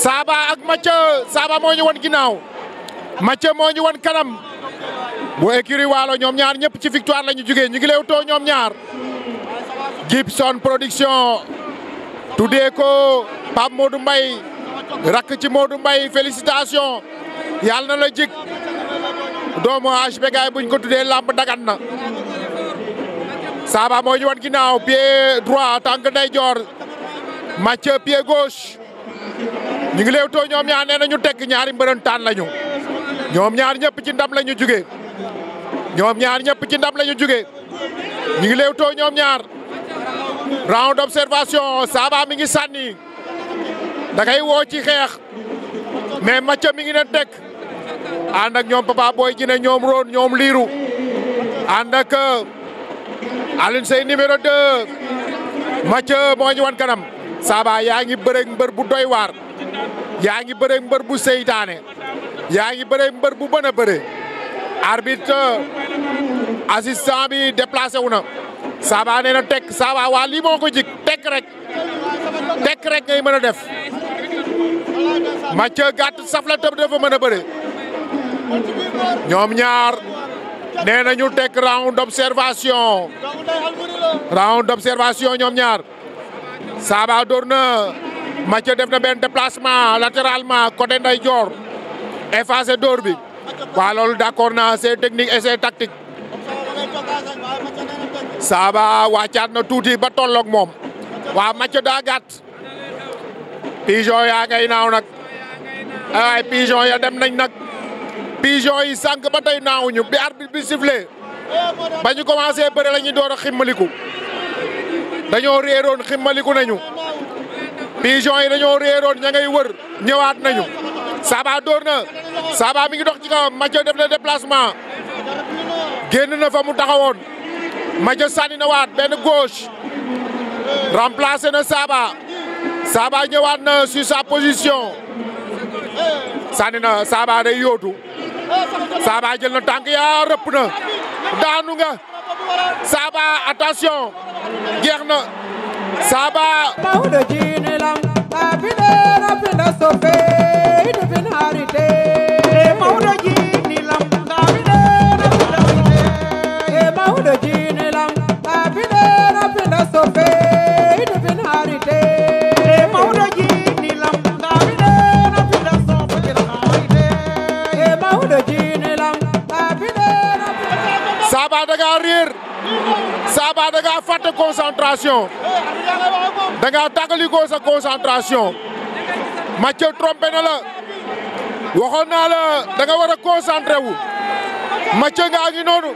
saaba ak Macha saaba moo ñu wan ginnaaw Macha mooñu ñu wan kanam bu écurie waalo ñoom ñaar ñëpp ci victoire la ñu jugee ñu ngi leew too ñoom ñaar Gibson production tuddee ko Pape Modou Mbaye rakk ci Modou Mbaye félicitation yàlla na la jik doomu HP gaay buñ ko tudee làmb dagan na Saba mooy ñu wan ginnaaw pied droit tànk ndeyjoor Mathieu pied gauche ñu ngi léewtoo ñoom ñaar nee na ñu tekk ñaari mbërëntaan lañu ñoom ñaar ñëpp ci ndam la ñu jugee ñoom ñaar ñëpp ci ndam la ñu jugee ñu ngi léewtoo ñoom ñaar round d'observation Saba mi ngi sànni da ngay woo ci xeex mais Mathieu mi ngi leen tekk ànd ak ñoom Papa Boy Djiné ñoom Ron ñoom Liiru ànd ak euh, Alioune Seye numéro 2 Mathieu moo wan kanam Saba yaa ngi bëreeg mbër bu doy waar yaa ngi bëreeg mbër bu seytaane yaa ngi bëreeg mbër bu bën a bëre arbitre assistant bi déplacé wu na Saba nee na tekk Saba waa lii moo ko jik tekk rek tekk rek ngay mën a def Mathieu gàtt saf la tëb dafa mën a bëre ñoom ñaar nee nañu teg round d'observation round d'observation ñoom ñaar Saba dóor na Mathieu def na benn déplacement latéralement côté ndeyjoor effacé dor bi waa loolu d'accord na c'est technique et c'est tactique Saba wàccaat na tuuti ba tolloog moom waaw Mathieu daa gàtt pigeon naaw nag ay pigeon ya dem nañ nag pigeon yi sànq ba tey naawuñu bi arbitre bi sifflé ba ñu commencé bëre la ñuy door a ximmaliku dañoo réeroon ximmaliku nañu pigeon yi dañoo réeroon ña ngay wër ñëwaat nañu Saba door na Saba mi ngi dox ci kawam Madio def na déplacement génn na fa mu taxawoon Madio sànni na waat benn gauche remplacé na saaba saaba ñëwaat na sur sa position sànni na Saba yootu Saba jël na tànk yaa rëpp na daanu nga Saba attention jeex na Saba Saba da ngaa réer Saba da ngaa fàtte concentration da ngaa concentration Mathieu trompé la waxoon naa la da nga war a concentré wu Mathieu ngaa ngi noonu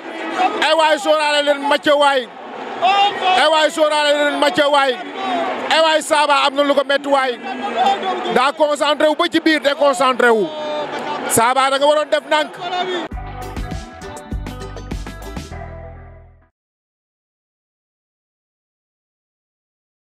ay eh waay sóoraale leen Mathieu waay ay eh waay sóoraale leen Mathieu waay ay eh waay Saba am na lu ko métti waay daa concentré wu ba ci biir déconcentré wu Saba danga nga waroon def ndànk